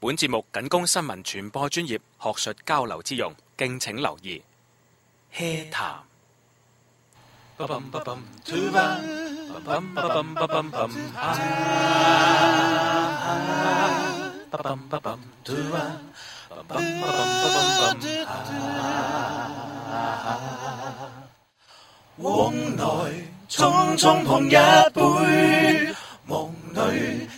本節目僅供新聞傳播專業學術交流之用，敬請留意。嘿談 Hey, time.。往來匆匆碰一杯，夢女。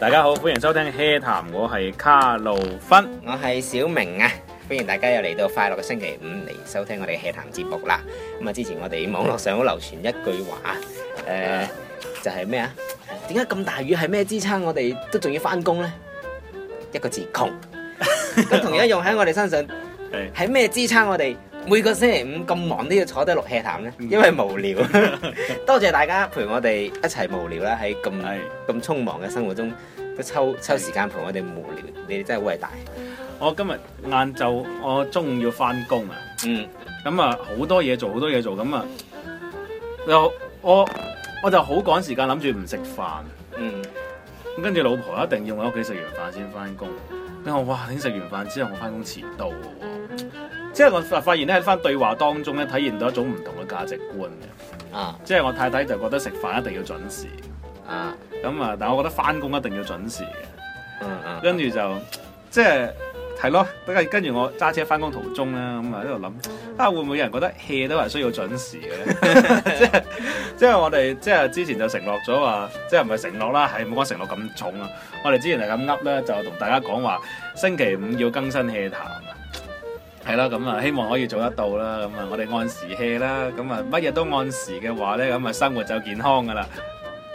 大家好，歡迎收聽《戲談》，我係卡路芬，我係小明啊！歡迎大家又嚟到快樂嘅星期五嚟收聽我哋嘅戲談節目啦！咁啊，之前我哋網絡上好流傳一句話，誒、 呃，就係咩啊？點解咁大雨係咩支撐我哋都仲要翻工呢？一個字窮，咁 同樣用喺我哋身上，係咩支撐我哋？每個星期五咁忙都要坐低落吃淡咧，因為無聊。 多謝大家陪我哋一齊無聊啦，喺咁咁匆忙嘅生活中，都抽抽時間陪我哋無聊，是你哋真係好偉大。我今日晏晝，我中午要翻工啊。嗯。咁啊，好多嘢做，好多嘢做，咁啊，又我我就好趕時間，諗住唔食飯。嗯。咁跟住老婆一定要喺我屋企食完飯先翻工，咁我哇，你食完飯之後我翻工遲到喎。即係我發現咧喺翻對話當中咧，體現到一種唔同嘅價值觀嘅。啊，uh. 即係我太太就覺得食飯一定要準時。啊，咁啊，但係我覺得翻工一定要準時嘅。嗯嗯、uh. uh.，跟住就即係係咯，跟跟住我揸車翻工途中咧，咁啊喺度諗，啊會唔會有人覺得 hea 都係需要準時嘅咧？即係即係我哋即係之前就承諾咗話，即係唔係承諾啦，係冇講承諾咁重啦。我哋之前係咁噏咧，就同大家講話星期五要更新 hea 談。係啦，咁啊、 嗯，希望可以做得到啦。咁、嗯、啊，我哋按時氣啦。咁、嗯、啊，乜嘢都按時嘅話咧，咁啊，生活就健康噶啦。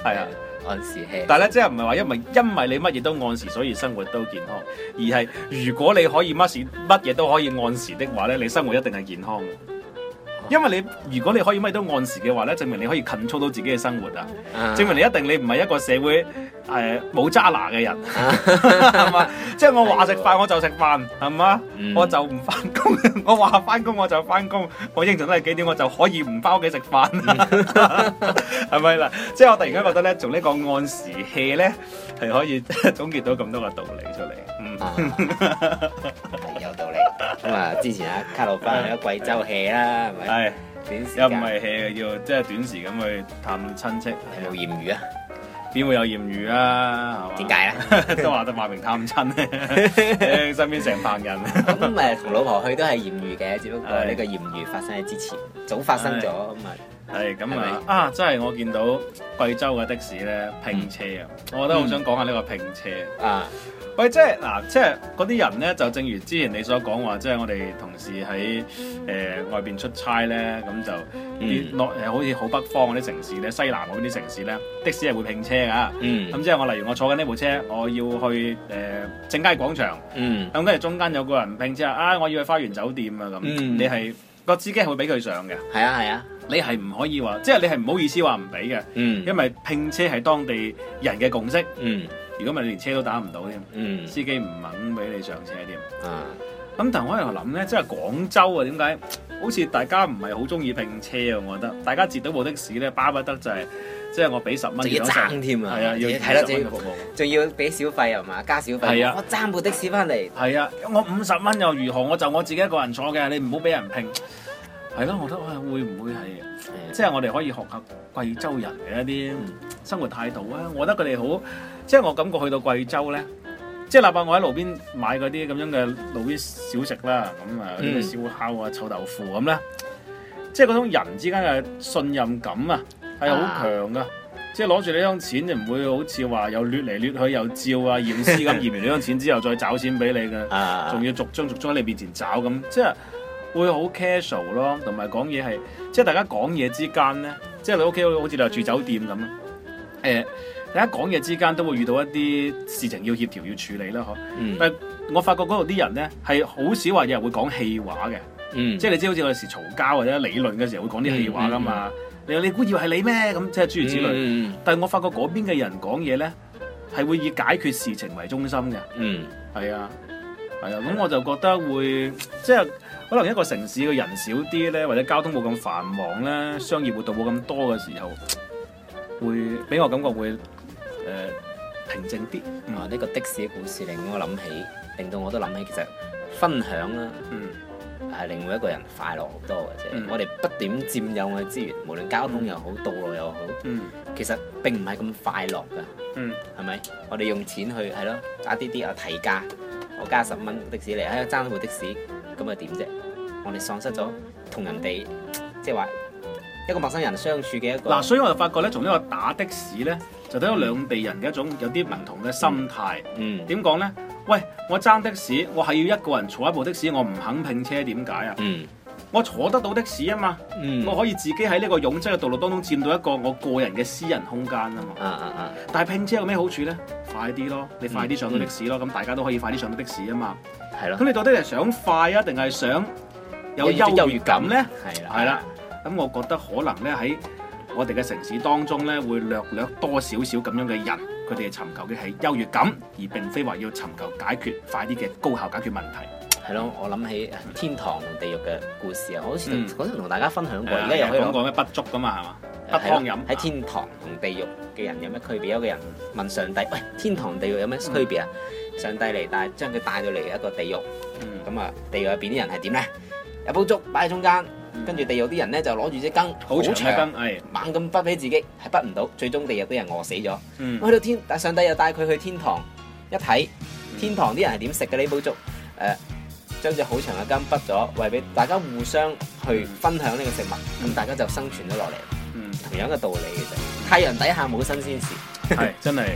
係啊，按時氣。但係咧，即係唔係話因為因為你乜嘢都按時，所以生活都健康。而係如果你可以乜乜嘢都可以按時的話咧，你生活一定係健康。因為你如果你可以乜都按時嘅話咧，證明你可以緊操到自己嘅生活啊。證明你一定你唔係一個社會。誒，冇渣拿嘅人係嘛？即係我話食飯我就食飯，係嘛， 我就唔翻工，我話翻工我就翻工，我應酬得係幾點我就可以唔翻屋企食飯，係咪啦？即係我突然間覺得咧，做呢個按時 hea 咧，係可以總結到咁多嘅道理出嚟。嗯，有道理。咁啊，之前啊卡路班，喺咗貴州 h 啦，係咪？係。 又唔係 h 要即係短時咁去探親戚有、啊。有冇艷遇啊？點會有艷遇啊？點解啊？吧 都話得賣名探親，身邊成整班人。 咁誒，同老婆去都係艷遇嘅，的只不過呢個艷遇發生喺之前，的早發生咗咁啊。的係咁啊！是是啊，真係我見到貴州嘅的、的士咧拼車啊！嗯、我覺得好想講下呢個拼車啊，即啊！喂、就是，即係嗱，即係嗰啲人咧，就正如之前你所講話，即係我哋同事喺誒、呃、外邊出差咧，咁就啲落好似好北方嗰啲城市咧，西南嗰啲城市咧，的士係會拼車噶。咁、嗯、之後我例如我坐緊呢部車，我要去誒正佳廣場。嗯，咁跟住中間有個人拼車啊！我要去花園酒店啊！咁，你係個司機係會俾佢上嘅？係啊、嗯，係啊。你係唔可以話，即係你係唔好意思話唔俾嘅，因為拼車係當地人嘅共識。如果唔係你連車都打唔到添，司機唔肯俾你上車添。咁但係我又諗咧，即係廣州啊，點解好似大家唔係好中意拼車啊？我覺得大家截到部的士咧，巴不得就係即係我俾十蚊，仲要爭添啊！係啊，要二十蚊嘅服務，仲要俾小費又嘛加小費。我爭部的士翻嚟，係啊，我五十蚊又如何？我就我自己一個人坐嘅，你唔好俾人拼。係咯，我覺得啊、哎，會唔會係、嗯、即係我哋可以學下貴州人嘅一啲生活態度啊？嗯、我覺得佢哋好，即係我感覺去到貴州咧，即係哪怕我喺路邊買嗰啲咁樣嘅路邊小食啦，咁、嗯、啊，燒、嗯、烤啊、臭豆腐咁咧、嗯，即係嗰種人之間嘅信任感啊，係好強噶。即係攞住呢張錢就唔會好似話又掠嚟掠去又照啊驗屍咁，驗完呢張 錢之後再找錢俾你嘅，仲、啊、要逐張逐張喺你面前找咁，即係。即會好 casual 咯，同埋講嘢係，即係大家講嘢之間咧，即係你屋企好似你住酒店咁啦，誒、欸，大家講嘢之間都會遇到一啲事情要協調要處理啦，嗬。嗯、但係我發覺嗰度啲人咧係好少話有人會講氣話嘅，嗯、即係你知好似有時嘈交或者理論嘅時候會講啲氣話噶嘛。嗯嗯嗯，你話你估以為係你咩？咁即係諸如此類。嗯嗯嗯，但係我發覺嗰邊嘅人講嘢咧係會以解決事情為中心嘅，係、嗯嗯、啊。係啊，咁我就覺得會即係、就是、可能一個城市嘅人少啲咧，或者交通冇咁繁忙咧，商業活動冇咁多嘅時候，會俾我感覺會誒、呃、平靜啲。啊、嗯、呢、喔這個的士嘅故事令我諗起，令到我都諗起其實分享啦，係令每一個人快樂好多嘅啫。嗯、我哋不斷佔有我嘅資源，無論交通又好，道路又好，嗯、其實並唔係咁快樂噶，係咪？嗯、我哋用錢去係咯，一啲啲啊提價。加十蚊的士嚟，喺度爭一部的士，咁又點啫？我哋喪失咗同人哋即係話一個陌生人相處嘅一個。嗱、啊，所以我就發覺咧，從呢個打的士咧，就睇到兩地人嘅一種有啲唔同嘅心態。嗯，點講咧？喂，我爭的士，我係要一個人坐一部的士，我唔肯拼車，點解啊？嗯，我坐得到的士啊嘛。嗯、我可以自己喺呢個擁擠嘅道路當中佔到一個我個人嘅私人空間啊嘛。啊啊啊！啊啊但係拼車有咩好處咧？快啲咯，嗯、你快啲上到的士咯，咁、嗯、大家都可以快啲上到的士啊嘛。係咯的。咁你到底係想快啊，定係想有優優越，越感咧？係啦，係啦。咁我覺得可能咧喺我哋嘅城市當中咧，會略略多，多少少咁樣嘅人，佢哋尋求嘅係優越感，而並非話要尋求解決快啲嘅高效解決問題。係咯，我諗起天堂同地獄嘅故事啊，我好似嗰陣同大家分享過，而家又講過咩不足噶嘛，係嘛？喺 天堂同地獄嘅人有咩區別？有個人問上帝：喂，天堂地獄有咩區別啊？上帝嚟帶，將佢帶到嚟一個地獄。咁啊，地獄入邊啲人係點咧？有煲粥擺喺中間，跟住地獄啲人咧就攞住隻羹，好長嘅羹，猛咁撥俾自己，係撥唔到，最終地獄啲人餓死咗。去到天，但上帝又帶佢去天堂一睇，天堂啲人係點食嘅呢煲粥？誒、呃，將隻好長嘅羹撥咗，餵俾大家互相去分享呢個食物，咁、嗯嗯、大家就生存咗落嚟。嗯，同樣嘅道理嘅啫，太陽底下冇新鮮事，係真係。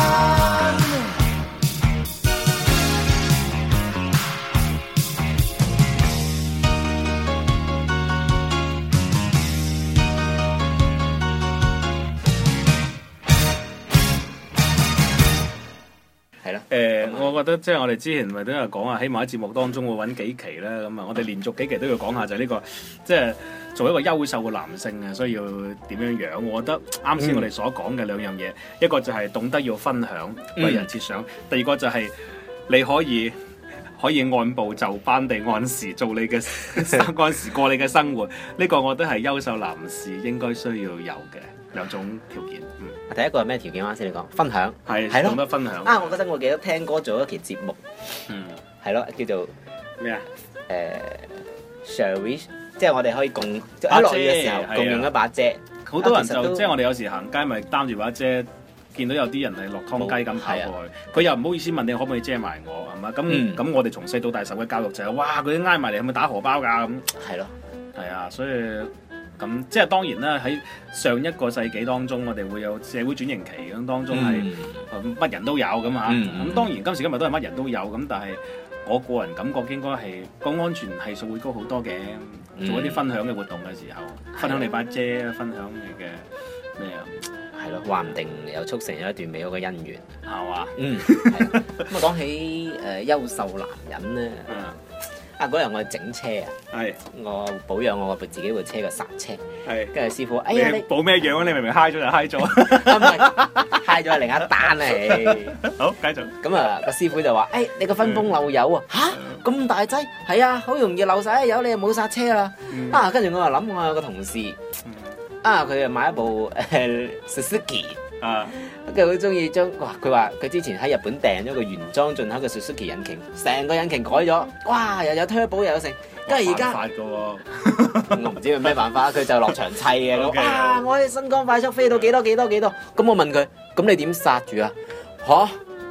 我覺得即係我哋之前咪都有講啊，起碼喺節目當中會揾幾期啦。咁啊，我哋連續幾期都要講下就係呢個，即係做一個優秀嘅男性啊，需要點樣樣？我覺得啱先我哋所講嘅兩樣嘢，嗯、一個就係懂得要分享、為人設想；第二個就係你可以可以按部就班地按時做你嘅嗰陣時過你嘅生活。呢個我覺得係優秀男士應該需要有嘅。兩種條件，嗯，第一個係咩條件啱先你講，分享係，懂得分享啊！我記得我記得聽歌做一期節目，嗯，係咯，叫做咩啊？誒 shall we 即係我哋可以共落雨嘅時候共用一把遮，好多人就即係我哋有時行街咪擔住把遮，見到有啲人係落湯雞咁跑過去，佢又唔好意思問你可唔可以遮埋我，係咪？咁咁我哋從細到大受嘅教育就係，哇！佢啲挨埋嚟係咪打荷包㗎咁？係咯，係啊，所以。咁、嗯、即係當然啦，喺上一個世紀當中，我哋會有社會轉型期咁，當中係乜、嗯呃、人都有咁嚇。咁、嗯嗯、當然今時今日都係乜人都有咁，但係我個人感覺應該係個安全係數會高好多嘅。做一啲分享嘅活動嘅時候，嗯、分享你把遮，分享你嘅咩啊？係咯，話唔定又促成一段美好嘅姻緣，係嘛？嗯。咁、嗯、 啊，講起誒、呃、優秀男人咧。嗯。啊！嗰日我整車啊，係是我保養我部自己部車嘅煞車，係跟住師傅你、哎呀，你保咩樣啊？你明明嗨咗就嗨咗，嗨 咗、 嗯哎、另一單啊！好繼續咁啊！個師傅就話，誒、哎，你個分泵漏油 啊？吓，咁大劑，係啊，好容易漏曬油，你又冇煞車啦。啊，跟住、嗯啊、我又諗，我有個同事、嗯、啊，佢又買一部誒 Suzuki。啊！佢好中意將哇，佢話佢之前喺日本訂咗個原裝進口嘅 Suzuki 引擎，成個引擎改咗，哇！又有推保又有剩，咁而家唔得嘅喎，我唔知佢咩辦法，佢就落場砌嘅我哋新身光快速飛到幾多幾多幾多，咁我問佢，咁你點剎住啊？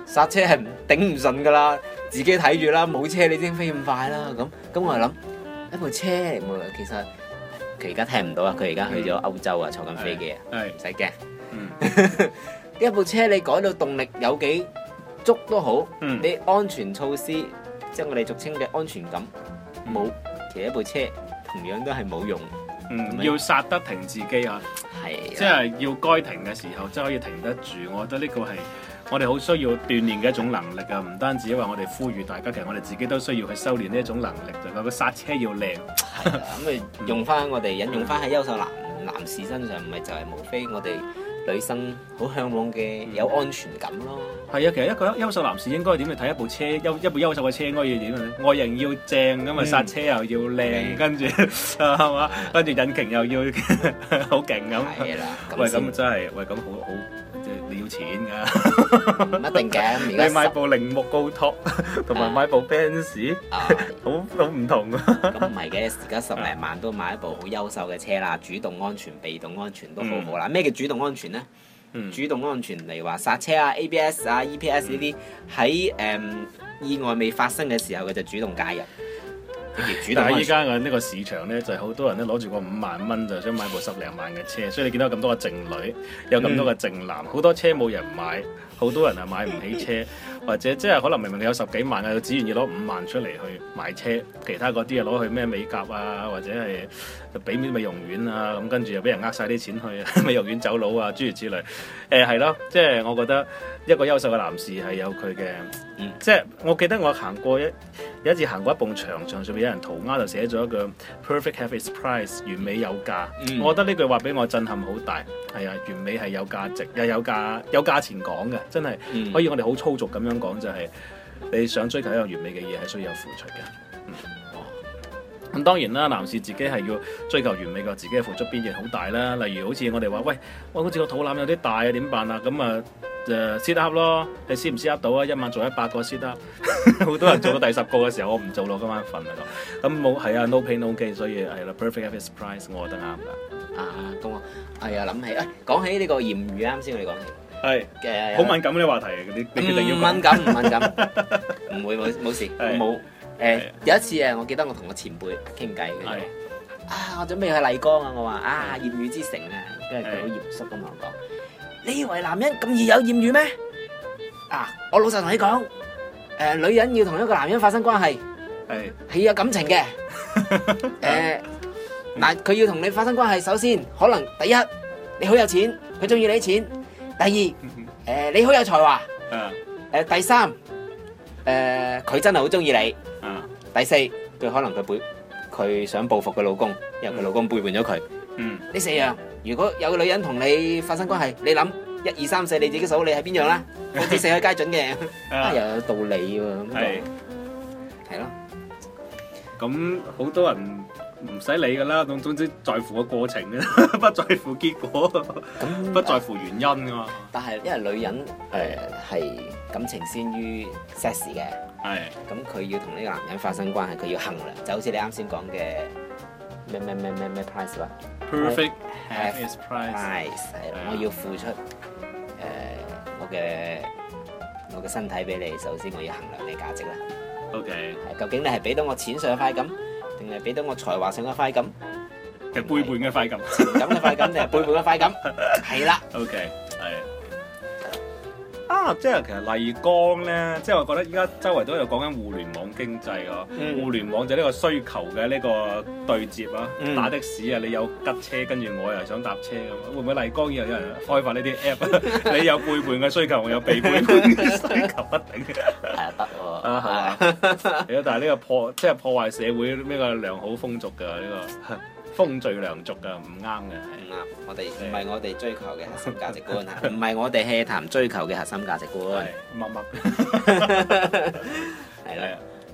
吓，剎車係頂唔順噶啦，自己睇住啦，冇車你先飛咁快啦，咁咁我諗一部車其實佢而家聽唔到啊，佢而家去咗歐洲啊，坐緊飛機啊，唔使驚。嗯，呢一部車你改到動力有幾足都好，你安全措施，即係我哋俗稱嘅安全感冇，其實一部車同樣都係冇用。嗯，要剎得停自己啊，係，即係要該停嘅時候，即係可以停得住。我覺得呢個係我哋好需要鍛煉嘅一種能力啊，唔單止因為我哋呼籲大家，其實我哋自己都需要去修煉呢一種能力，就係個剎車要靚。咁咪用翻我哋引用翻喺優秀男男士身上，咪就係無非我哋。女生好嚮往嘅，有安全感咯。係啊，其實一個優秀男士應該點嚟睇一部車，優一部優秀嘅車應該要點樣？外形要正，咁啊剎車又要靚，Okay. 跟住係嘛， 的 跟住引擎又要好勁咁。係 啦，喂，咁真係，喂，咁好好。嗯嗯嗯錢㗎，唔一定嘅。你買部鈴木高托同埋買部 Benz，好好唔 同啊。咁唔係嘅，而家、啊啊啊啊啊啊、十零萬都買一部好優秀嘅車啦，主動安全、被動安全都好好啦。咩叫、嗯、主動安全咧？嗯、主動安全例如話煞車啊、ABS 啊、EPS 呢啲，喺誒、嗯 um，意外未發生嘅時候，佢就主動介入。但係依家嘅呢個市場呢，就係、是、好多人咧攞住個五萬蚊就想買部十零萬嘅車，所以你見到咁多個剩女，有咁多個剩男，好、嗯、多車冇人買，好多人啊買唔起車。或者即係可能明明你有十幾萬啊，佢只願意攞五萬出嚟去買車，其他啲啊攞去咩美甲啊，或者係就俾啲美容院啊，咁跟住又俾人呃晒啲錢去美容院走佬啊，諸如此類，誒係咯，即係、就是、我覺得一個優秀嘅男士係有佢嘅，即係、嗯、我記得我行過一有一次行過一埲牆牆，牆上面有人塗鴉就寫咗一句 perfect happy price 完美有價，嗯、我覺得呢句話俾我震撼好大。係啊，完美係有價值，又有價，有價錢講嘅，真係可以我哋好粗俗咁樣。香港就係、是、你想追求一樣完美嘅嘢，係需要有付出嘅。咁、嗯、當然啦，男士自己係要追求完美嘅，自己嘅付出必然好大啦。例如好似我哋話喂，我好似個肚腩有啲大啊，點辦啊？咁啊，誒，sit up 咯，你 sit 唔 sit up 到啊？一晚做一百個 sit up，好多人做到第十個嘅時候，我唔做咯，今晚瞓啦咁。咁冇係啊，no pain no gain，所以係啦、啊、，perfect is price 我覺得啱噶。啊，都啊，係、哎、啊，諗起誒，講、哎、起呢個諺語，啱先我哋講係嘅，好敏感呢啲話題，你你絕對要敏感，唔敏感，唔會冇冇事，冇。誒，有一次誒，我記得我同我前輩傾偈嘅，啊，我準備去麗江啊，我話啊，艷遇之城啊，跟住佢好嚴肅咁同我講，你以為男人咁易有艷遇咩？啊，我老實同你講，誒，女人要同一個男人發生關係，係係有感情嘅，誒，嗱，佢要同你發生關係，首先可能第一你好有錢，佢中意你啲錢。第二，誒、呃，你好有才華。誒的、呃，第三，誒、呃，佢真係好中意你。嗯的。第四，佢可能佢背，佢想報復佢老公，因為佢老公背叛咗佢。嗯的。呢四樣，如果有個女人同你發生關係，你諗一二三四你自己數，你係邊樣啦？我的知四樣皆準嘅，又的、哎、有道理喎。係咯。咁好多人。唔使理噶啦，總總之在乎個過程啦， 不在乎結果，嗯、 不在乎原因噶嘛、嗯。但係因為女人誒係、呃、感情先於 sex 嘅，係咁佢要同呢個男人發生關係，佢要衡量，就好似你啱先講嘅咩咩咩咩咩 price 啦，perfect I half have is price，係啦，Yeah. 我要付出誒、呃、我嘅我嘅身體俾你，首先我要衡量你價值啦。OK，係、嗯、究竟你係俾到我錢上塊咁？定係俾到我才華上嘅快感，定係背叛嘅快感，情感嘅快感定係背叛嘅快感，係啦。OK，係啊，啊，即係其實麗江咧，即係我覺得依家周圍都有講緊互聯網。經濟啊，互聯網就呢個需求嘅呢個對接啊，打的士啊，你有吉車跟住我又想搭車咁，會唔會麗江又有人開發呢啲 app？你有背叛嘅需求，我有被背叛嘅需求，不定。係啊，得喎。啊，係嘛？但係呢個破，即係破壞社會呢個良好風俗㗎，呢個風序良俗㗎，唔啱嘅。唔啱，我哋唔係我哋追求嘅核心價值觀啊，唔係我哋棄談追求嘅核心價值觀。乜乜。係啦。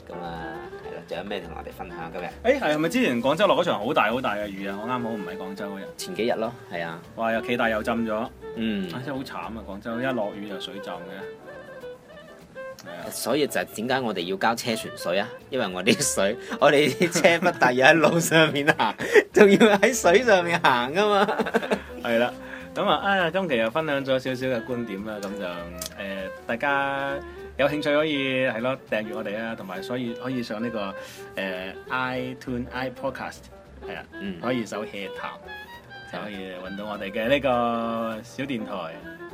咁啊，係咯、嗯，仲有咩同我哋分享嘅？誒、欸，係係咪之前廣州落嗰場很大很大剛剛好大好大嘅雨啊？我啱好唔喺廣州嗰日，前幾日咯，係啊，哇又企大又浸咗，嗯，啊、真係好慘啊！廣州一落雨就水浸嘅，啊、所以就點解我哋要交車船稅啊？因為我啲水，我哋啲車不但要喺路上面行，仲 要喺水上面行㗎嘛，係啦。 咁啊，哎呀，今期又分享咗少少嘅觀點啦，咁就誒、呃、大家。有興趣可以係咯訂閱我哋啊，同埋所以可以上呢、這個誒 iTune、iPodcast 係啊，I une, cast，嗯、可以搜「hea 談」就可以揾到我哋嘅呢個小電台。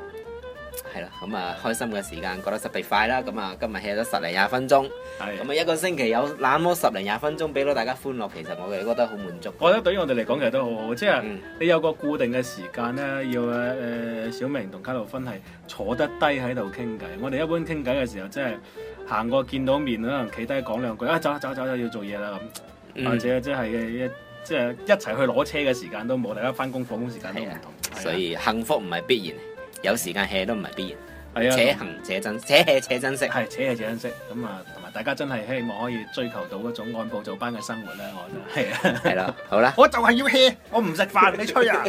係啦，咁啊開心嘅時間過得特別快啦，咁啊今日起咗十零廿分鐘，咁啊的一個星期有那麼十零廿分鐘俾到大家歡樂，其實我哋覺得好滿足。我覺得對於我哋嚟講其實都好好，即、就、係、是、你有個固定嘅時間咧，要誒、呃、小明同卡路芬係坐得低喺度傾偈。我哋一般傾偈嘅時候，即係行過見到面可能企低講兩句，啊走走走，要做嘢啦咁，嗯、或者即係一即係、就是、一齊去攞車嘅時間都冇，大家翻工放工時間都唔同的，所以幸福唔係必然。有時間 hea 都唔係必然，且行且珍惜，且 hea 且珍惜，係且 hea 且珍惜。咁啊，同埋大家真係希望可以追求到一種按部就班嘅生活咧，我就係係啦，好啦，我就係要 hea，我唔食飯，你吹啊，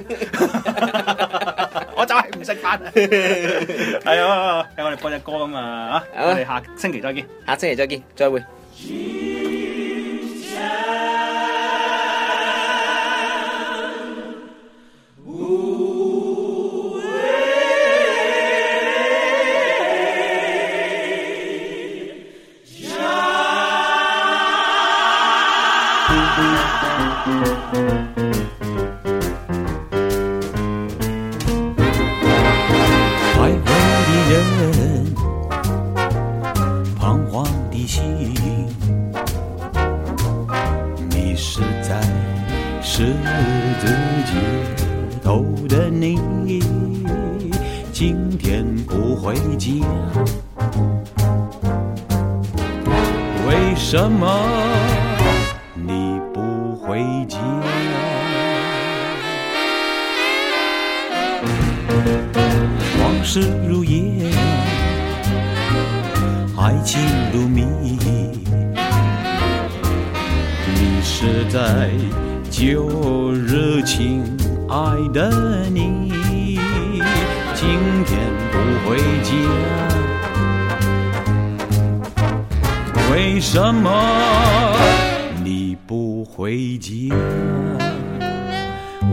我就係唔食飯。係啊，睇我哋播隻歌咁啊，我哋下星期再見，下星期再見，再會。在十字街頭的你，今天不回家。為什麼你不回家？往事如煙，愛情如在舊日，親愛的你，今天不回家，為什麼你不回家？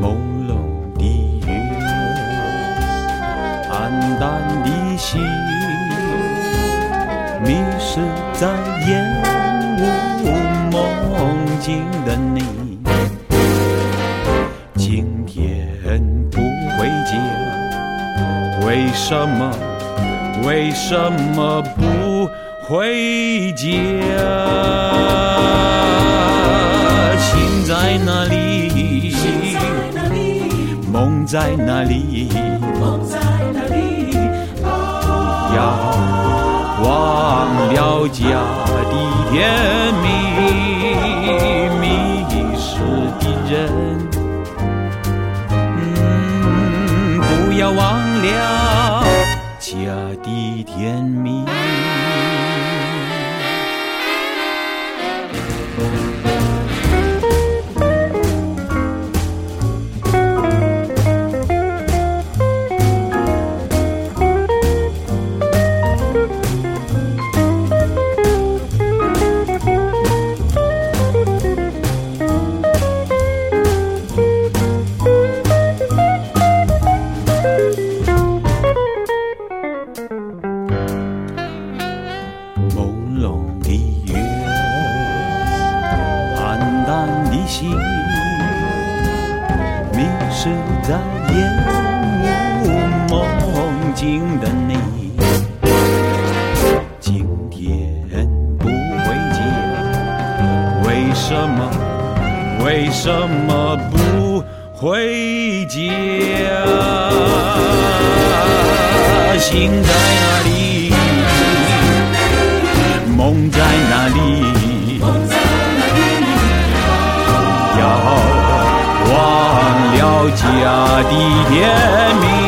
朦朧的月，黯淡的心，迷失在夜。為什麼為什麼不回家？心在哪裏？夢在哪裏？夢在哪裏？哪裏啊、不要忘了家的甜蜜，迷失的人，嗯。不要忘。娘家的天。家的甜蜜。